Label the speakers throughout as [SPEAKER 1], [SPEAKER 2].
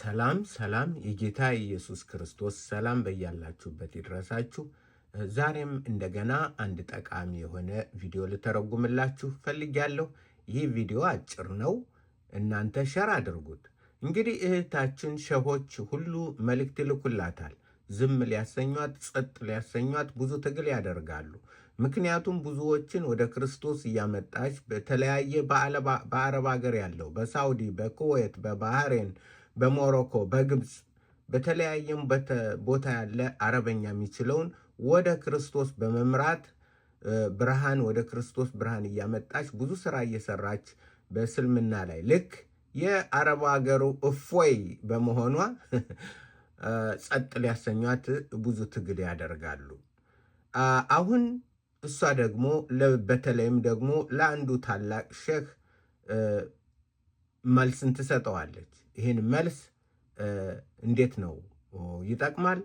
[SPEAKER 1] ሰላም ሰላም የጌታ ኢየሱስ ክርስቶስ ሰላም በያላችሁበት ይድረሳችሁ። ዛሬም እንደገና አንድ ጠቃሚ የሆነ ቪዲዮ ልተረጉምላችሁ ፈልጊያለሁ። ይህ ቪዲዮ አጭር ነው፣ እናንተ ሸር አድርጉት። እንግዲህ እህታችን ሸሆች ሁሉ መልእክት ይልኩላታል። ዝም ሊያሰኟት፣ ጸጥ ሊያሰኟት ብዙ ትግል ያደርጋሉ። ምክንያቱም ብዙዎችን ወደ ክርስቶስ እያመጣች በተለያየ በአረብ ሀገር ያለው በሳውዲ፣ በኩዌት፣ በባህሬን በሞሮኮ በግብፅ በተለያየም ቦታ ያለ አረበኛ የሚችለውን ወደ ክርስቶስ በመምራት ብርሃን ወደ ክርስቶስ ብርሃን እያመጣች ብዙ ስራ እየሰራች በእስልምና ላይ ልክ የአረብ ሀገሩ እፎይ በመሆኗ ጸጥ ሊያሰኟት ብዙ ትግል ያደርጋሉ። አሁን እሷ ደግሞ በተለይም ደግሞ ለአንዱ ታላቅ ሼህ መልስን ትሰጠዋለች። ይህን መልስ እንዴት ነው ይጠቅማል፣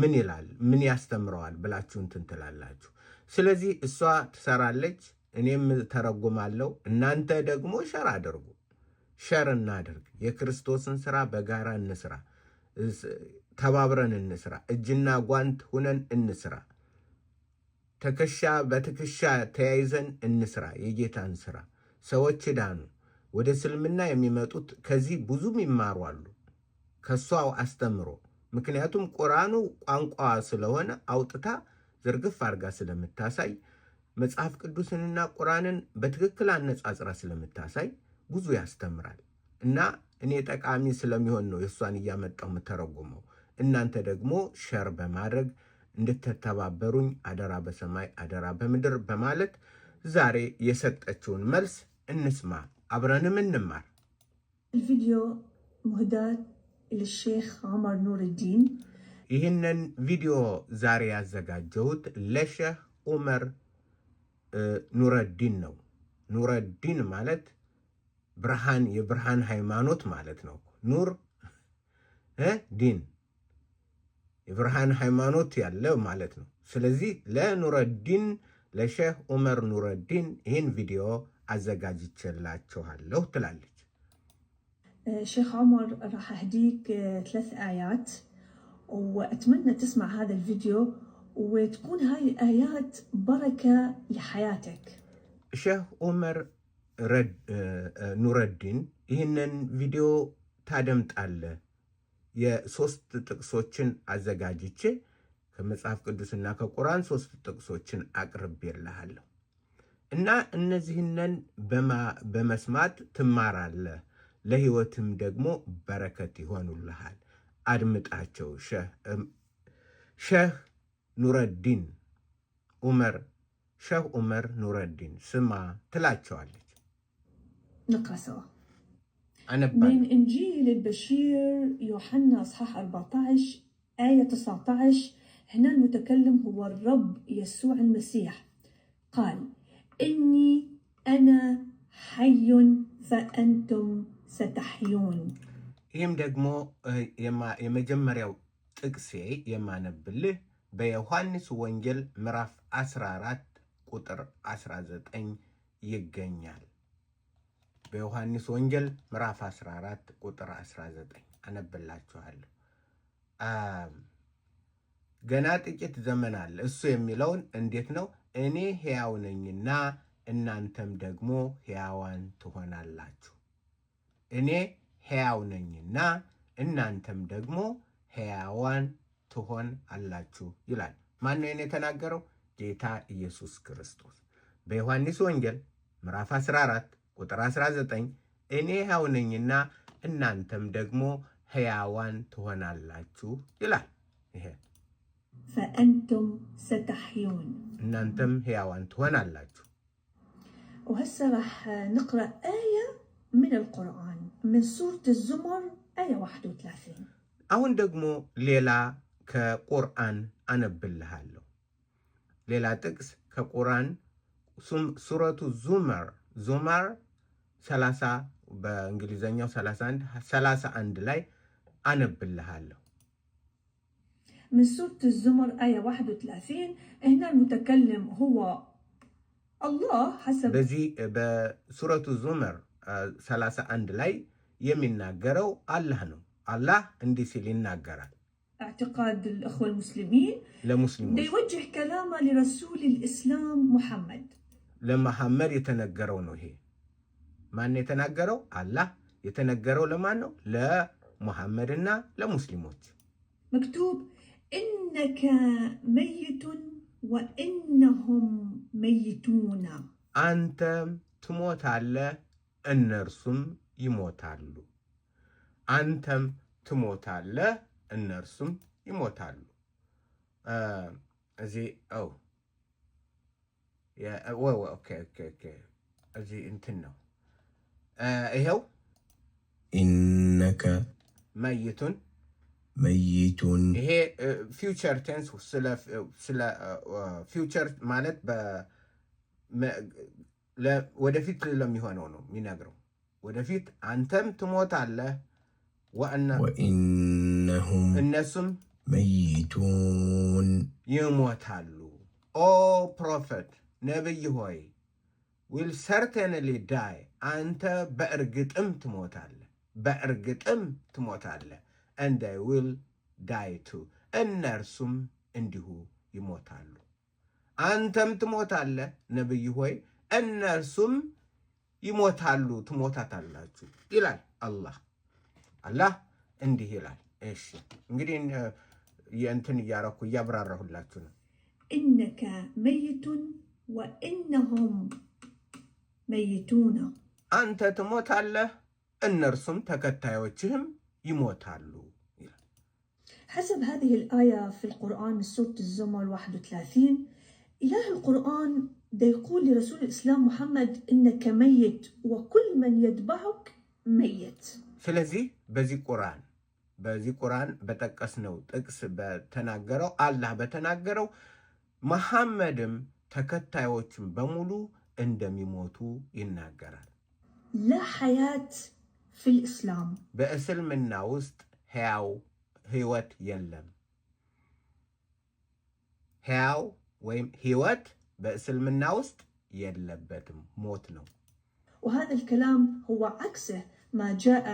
[SPEAKER 1] ምን ይላል፣ ምን ያስተምረዋል ብላችሁ እንትን ትላላችሁ። ስለዚህ እሷ ትሰራለች፣ እኔም ተረጉማለሁ። እናንተ ደግሞ ሸር አድርጉ፣ ሸር እናድርግ። የክርስቶስን ስራ በጋራ እንስራ፣ ተባብረን እንስራ፣ እጅና ጓንት ሁነን እንስራ፣ ትከሻ በትከሻ ተያይዘን እንስራ የጌታን ስራ። ሰዎች ዳኑ። ወደ እስልምና የሚመጡት ከዚህ ብዙም ይማሯሉ ከሷው አስተምሮ። ምክንያቱም ቁርአኑ ቋንቋ ስለሆነ አውጥታ ዝርግፍ አድርጋ ስለምታሳይ መጽሐፍ ቅዱስንና ቁርአንን በትክክል አነጻጽራ ስለምታሳይ ብዙ ያስተምራል እና እኔ ጠቃሚ ስለሚሆን ነው የእሷን እያመጣው የምተረጉመው። እናንተ ደግሞ ሸር በማድረግ እንድትተባበሩኝ አደራ በሰማይ አደራ በምድር በማለት ዛሬ የሰጠችውን መልስ እንስማ። አብረንም እንማር።
[SPEAKER 2] ቪዲዮ ሙህዳት ለሼክ ዑመር ኑርዲን።
[SPEAKER 1] ይህንን ቪዲዮ ዛሬ ያዘጋጀሁት ለሼህ ዑመር ኑረዲን ነው። ኑረዲን ማለት ብርሃን፣ የብርሃን ሃይማኖት ማለት ነው። ኑር ዲን የብርሃን ሃይማኖት ያለው ማለት ነው። ስለዚህ ለኑረዲን ለሼህ ዑመር ኑረዲን ይህን ቪዲዮ አዘጋጅቼላችኋለሁ ትላለች።
[SPEAKER 2] ሼክ ዑመር ራህ አህዲክ ثلاث آيات وأتمنى تسمع هذا الفيديو وتكون هاي الآيات بركة لحياتك
[SPEAKER 1] ሼህ ዑመር ኑረዲን ይህንን ቪዲዮ ታደምጣለ። የሶስት ጥቅሶችን አዘጋጅቼ ከመጽሐፍ ቅዱስና ከቁርአን ሶስት ጥቅሶችን አቅርቤልሃለሁ። እና እነዚህንን በመስማት ትማራለህ፣ ለህይወትም ደግሞ በረከት ይሆኑልሃል። አድምጣቸው። ሼህ ኑረዲን ኡመር ሼህ ኡመር ኑረዲን ስማ ትላቸዋለች።
[SPEAKER 2] ንቅራ ሰዋ من إنجيل البشير يوحنا إصحاح 14 آية 19 هنا المتكلم هو الرب يسوع المسيح قال إني أنا حي ፈአንቱም ሰተሕዩን
[SPEAKER 1] ይህም ደግሞ የመጀመሪያው ጥቅሴ የማነብልህ በዮሐንስ ወንጌል ምዕራፍ 14 ቁጥር 19 ይገኛል። በዮሐንስ ወንጌል ምዕራፍ 14 ቁጥር 19 አነብላችኋለሁ። ገና ጥቂት ዘመን አለ። እሱ የሚለውን እንዴት ነው እኔ ሕያው ነኝና እናንተም ደግሞ ሕያዋን ትሆናላችሁ። እኔ ሕያው ነኝና እናንተም ደግሞ ሕያዋን ትሆን አላችሁ ይላል። ማን ነው የተናገረው? ጌታ ኢየሱስ ክርስቶስ በዮሐንስ ወንጌል ምዕራፍ 14 ቁጥር 19 እኔ ሕያው ነኝና እናንተም ደግሞ ሕያዋን ትሆናላችሁ ይላል።
[SPEAKER 2] ይሄ ፈአንቱም ሰተሕዩን
[SPEAKER 1] እናንተም ሕያዋን ትሆናላችሁ።
[SPEAKER 2] وهسه راح نقرأ آية من القرآن من سورة الزمر آية 31
[SPEAKER 1] አሁን ደግሞ ሌላ ከቁርአን አነብልሃለሁ። ሌላ ጥቅስ ከቁርአን ሱረቱ ዙመር ዙመር 30 በእንግሊዘኛው 31 31 ላይ አነብልሃለሁ።
[SPEAKER 2] من سورة الزمر آية 31 هنا المتكلم هو الله حسب
[SPEAKER 1] بزي بسورة الزمر سلاسة أندلاي يمين ناقروا الله نو الله عندي سيلين
[SPEAKER 2] اعتقاد الأخوة المسلمين لمسلمين دي يوجه كلامه لرسول الإسلام محمد
[SPEAKER 1] لما محمد يتنقروا نهي من يتنقروا الله يتنقروا لمانو لا محمدنا لمسلموت
[SPEAKER 2] مكتوب إنك ميت وإنهم ميتون
[SPEAKER 1] أنت تموت على النرسم يموت على أنتم تموت على النرسم يموت على آه أو يا أو أوكي أوكي أوكي أزي انتنا آه إيهو
[SPEAKER 3] إنك ميت መይቱን
[SPEAKER 1] ይሄ ፊውቸር ቴንስ ስለ ፊውቸር ማለት ወደፊት ለሚሆነው ነው የሚነግረው። ወደፊት አንተም ትሞታለህ
[SPEAKER 3] ወእነሁም እነሱም መይቱን
[SPEAKER 1] ይሞታሉ። ኦ ፕሮፌት ነቢይ ሆይ ዊል ሰርተንሊ ዳይ አንተ በእርግጥም ትሞታለህ፣ በእርግጥም ትሞታለህ and they will die እነርሱም እንዲሁ ይሞታሉ። አንተም ትሞታለህ ነቢይ ሆይ እነርሱም ይሞታሉ ትሞታታላችሁ ይላል አላህ። አላህ እንዲህ ይላል። እሺ እንግዲህ የእንትን እያረኩ እያብራራሁላችሁ ነው።
[SPEAKER 2] እነከ መይቱን ወእነሁም መይቱነ
[SPEAKER 1] አንተ ትሞታለህ እነርሱም ተከታዮችህም ይሞታሉ።
[SPEAKER 2] حسب هذه الآية في القرآن سورة الزمر 31 إله القرآن ده يقول لرسول الإسلام محمد إنك ميت وكل من يتبعك ميت
[SPEAKER 1] ስለዚህ በዚህ ቁርአን በዚህ ቁርአን በጠቀስነው ጥቅስ በተናገረው አላህ በተናገረው መሐመድም ተከታዮችም በሙሉ እንደሚሞቱ ይናገራል
[SPEAKER 2] لا حياة في الإسلام
[SPEAKER 1] በእስልምና هاو ሕያው ሕይወት የለም። هاو ወይም ሕይወት በእስልምና ውስጥ የለበትም፣ ሞት موتنو
[SPEAKER 2] وهذا الكلام هو عكسه ما جاء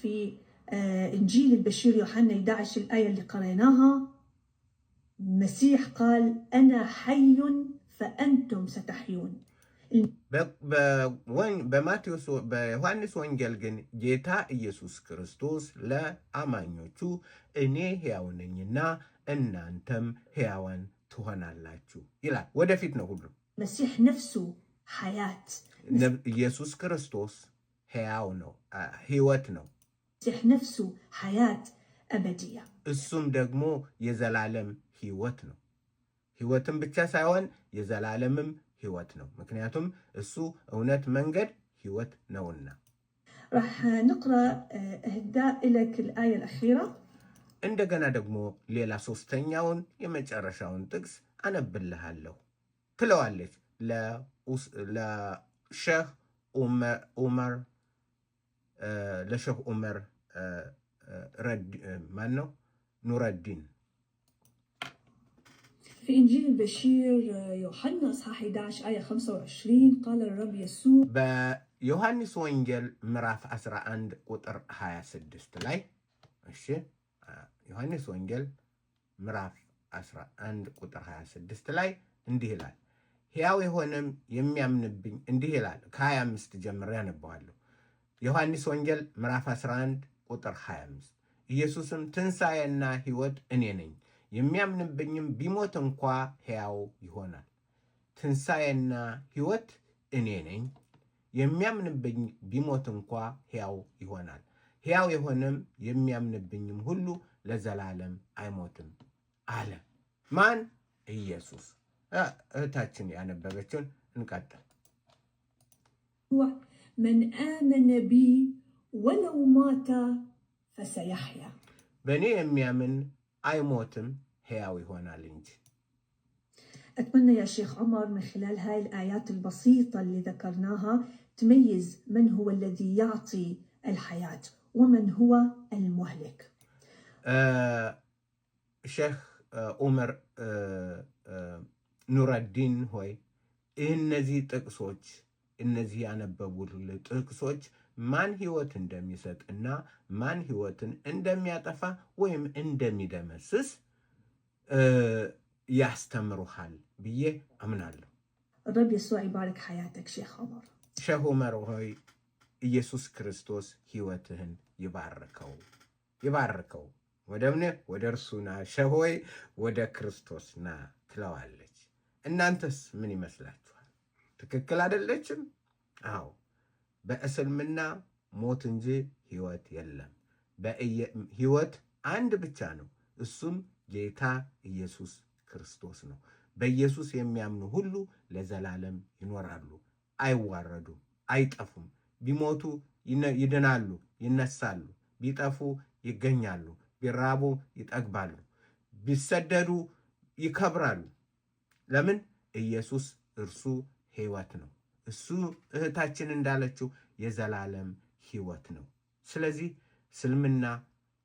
[SPEAKER 2] في آه، إنجيل البشير يوحنا 11 الآية اللي قريناها المسيح قال أنا حي فأنتم ستحيون
[SPEAKER 1] በማቴዎስ በዮሐንስ ወንጌል ግን ጌታ ኢየሱስ ክርስቶስ ለአማኞቹ እኔ ሕያው ነኝና እናንተም ሕያዋን ትሆናላችሁ ይላል። ወደፊት ነው ሁሉ
[SPEAKER 2] መሲሕ ነፍሱ ሀያት
[SPEAKER 1] ኢየሱስ ክርስቶስ ሕያው ነው፣ ሕይወት ነው።
[SPEAKER 2] መሲሕ ነፍሱ ሀያት አበድያ
[SPEAKER 1] እሱም ደግሞ የዘላለም ሕይወት ነው። ሕይወትም ብቻ ሳይሆን የዘላለምም ህይወት ነው። ምክንያቱም እሱ እውነት መንገድ ህይወት ነውና። እንደገና ደግሞ ሌላ ሶስተኛውን የመጨረሻውን ጥቅስ አነብልሃለሁ ትለዋለች ለሼህ ኡመር ለሼህ ኡመር ማን ነው ኑረዲን
[SPEAKER 2] في إنجيل البشير يوحنا إصحاح 11 آية 25 قال الرب يسوع
[SPEAKER 1] በዮሐንስ ወንጌል ምዕራፍ 11 ቁጥር 26 ላይ እሺ፣ ዮሐንስ ወንጌል ምዕራፍ 11 ቁጥር 26 ላይ እንዲህ ይላል፣ ሕያው የሆነም የሚያምንብኝ እንዲህ ይላል። ከ25 ጀምሬ ያነባዋለሁ። ዮሐንስ ወንጌል ምዕራፍ 11 ቁጥር 25 ኢየሱስም ትንሣኤና ሕይወት እኔ ነኝ የሚያምንብኝም ቢሞት እንኳ ሕያው ይሆናል። ትንሣኤና ሕይወት እኔ ነኝ። የሚያምንብኝ ቢሞት እንኳ ሕያው ይሆናል። ሕያው የሆነም የሚያምንብኝም ሁሉ ለዘላለም አይሞትም አለ። ማን? ኢየሱስ። እህታችን ያነበበችውን እንቀጥል።
[SPEAKER 2] መን አመነ ቢ ወለው ማታ ፈሰያሕያ
[SPEAKER 1] በእኔ የሚያምን አይሞትም፣ هياوي ይሆናል እንጂ።
[SPEAKER 2] أتمنى يا شيخ عمر من خلال هاي الآيات البسيطة اللي ذكرناها تميز من هو الذي يعطي الحياة ومن هو المهلك
[SPEAKER 1] uh, شيخ uh, عمر uh, نور الدين إن ዲን ሆይ إن ጥቅሶች እነዚህ ያነበቡት ጥቅሶች ማን ህይወት እንደሚሰጥ እና ማን ህይወትን እንደሚያጠፋ ወይም እንደሚደመስስ ያስተምሩሃል ብዬ አምናለሁ። ሸህ ዑመር ሆይ ኢየሱስ ክርስቶስ ህይወትህን ይባርከው ይባርከው። ወደ ምን ወደ እርሱና ሸህ ሆይ ወደ ክርስቶስ ና ትለዋለች። እናንተስ ምን ይመስላችኋል? ትክክል አይደለችም? አዎ በእስልምና ሞት እንጂ ህይወት የለም። ህይወት አንድ ብቻ ነው፣ እሱም ጌታ ኢየሱስ ክርስቶስ ነው። በኢየሱስ የሚያምኑ ሁሉ ለዘላለም ይኖራሉ፣ አይዋረዱም፣ አይጠፉም። ቢሞቱ ይድናሉ፣ ይነሳሉ፣ ቢጠፉ ይገኛሉ፣ ቢራቡ ይጠግባሉ፣ ቢሰደዱ ይከብራሉ። ለምን? ኢየሱስ እርሱ ህይወት ነው። እሱ እህታችን እንዳለችው የዘላለም ህይወት ነው። ስለዚህ እስልምና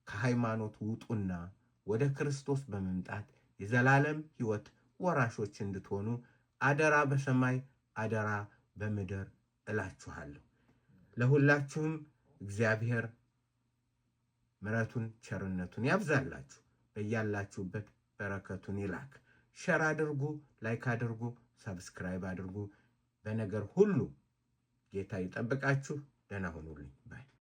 [SPEAKER 1] ከሃይማኖት ውጡና ወደ ክርስቶስ በመምጣት የዘላለም ህይወት ወራሾች እንድትሆኑ አደራ በሰማይ አደራ በምድር እላችኋለሁ። ለሁላችሁም እግዚአብሔር ምረቱን ቸርነቱን ያብዛላችሁ፣ በያላችሁበት በረከቱን ይላክ። ሸር አድርጉ፣ ላይክ አድርጉ፣ ሰብስክራይብ አድርጉ። በነገር ሁሉ ጌታ ይጠብቃችሁ። ደህና ሁኑልኝ ባይ